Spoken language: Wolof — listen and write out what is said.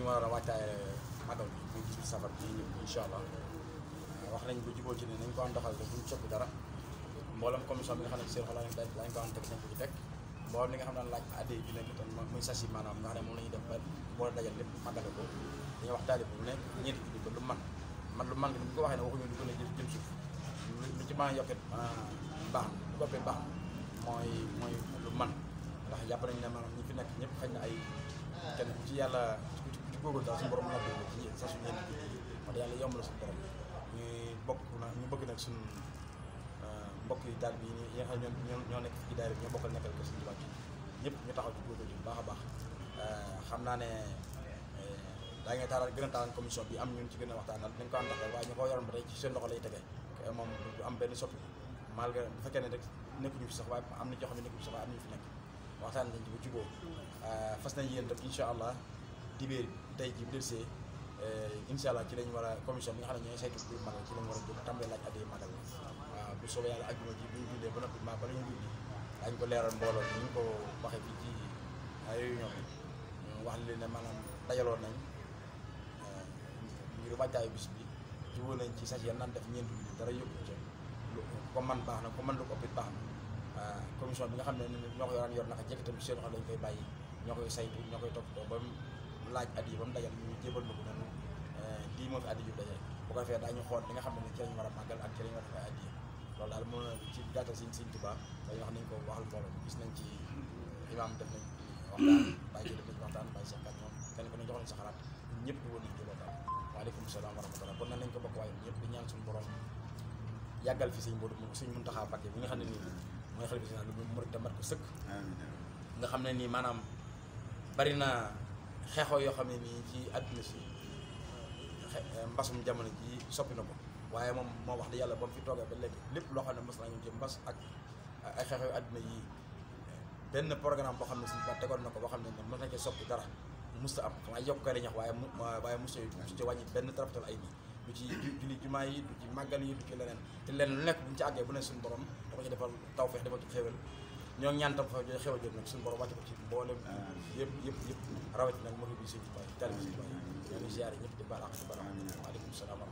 ñu war a wàccaayee magal ci safar allah wax nañ bu jubóo ci ne nañ ko am doxal te buñ dara mboolam commission bi nga xam ne seen lañ lañ ko am teg ci teg mboolam li nga xam laaj adde bi nekk muy sasi nga def dajal ko wax ko lu man man lu man ko waxee ne waxuñu lu ko ne jëm suuf lu ci mën a ah, baax na lu baax na mooy lu man ndax nañ ne ñi fi na ay kenn ci góorgóorlu daal suñu borom la ko ci yéen sa suñu yéen wax yàlla yomb la suñu borom ñu bokk na ñu bëgg nag suñu euh, mbokk yi daal bi yi nga xam ñoo ñoo nekk ci daayira ñoo bokkal nekkal ko suñu wàcc ñëpp ñu taxaw ci góorgóorlu bu baax a baax euh, xam naa ne euh, daa ngay taaral gën a taaral commission bi am ñun ci gën a waxtaanal dañ ko am taxaw waaye ñu ko yoroon ba tey ci seen loxo lay tege moom du am benn soppi malgré bu fekkee ne rek nekkuñu fi sax waaye am na joo xam ne nekkuñu fi sax waaye am ñu fi nekk waxtaan fas nañ yéen rek incha allah dibéer bi tey jii bu dee euh, ci lañu war a commission bi nga xam ne ñooy saytu bi magal ci lañ war a jóg tàmbale laaj adee magal waaw bu ko leeral mbooloo bi ñu ko waxee fii ci euh, réunion bi wax leen ne maanaam dajaloon nañ euh, ngir wàccaayu bis bi jubóo nañ ci sachet nan def ñeenti julli dara yóbbu man baax na ko man lu ko ëppit baax na waaw bi nga xam ne ñoo ko yoraan yor naka jekk tamit seen xol lañ koy bàyyi ñoo koy saytu ñoo koy toppatoo ba laaj at yi ba mu dajal ñu jébal ma ko nanu eh, lii moo fi at yu daje bu ko defee daañu xool li nga xam ci lañu war a ak ci lañu ci sin sin tuba wax nañ ko waxal gis nañ ci eh, imam def nañ waxtaan bàyyi ci def nañ waxtaan bàyyi sa kat ñoom kenn ku ne jox sa xalaat ñëpp di woon nañ jébal daal waaleykum salaam wa rahmatullah kon nañ ko bokk waaye ñëpp di ñaan suñu borom yàggal fi sëñ Mbodou sëñ Muntaxa bi nga xalifa ko nga bari na xeexoo yoo xam ne nii ci àdduna si eh, mbasum jamono ji soppi na ko waaye moom moo wax di yàlla ba mu fi toogee ba léegi lépp loo xam ne mas nañu ci mbas ak ay xeexoo àdduna yi benn programme boo xam ne na ko boo xam ne mën na cee soppi dara musta am xanaa yokk kari ñax waaye mu waaye musta su ci wàññi benn tarafatal ay nii du ci julli jumaa yi du ci màggal yi du ci leneen te leneen lu nekk bu ñu ci àggee bu ne suñu borom da ko ci defal tawfeex defal ci xéwal ñoo ngi ñaan tam fa xew a jëm nag suñu borom wàcc ko ci mboolem euh, yëpp yëpp yëpp rawatina nag mënu bi sëñ Tuubaa tali bi sëñ Tuubaa ngi ziare ñëpp di baax di baax waaleykum salaam wa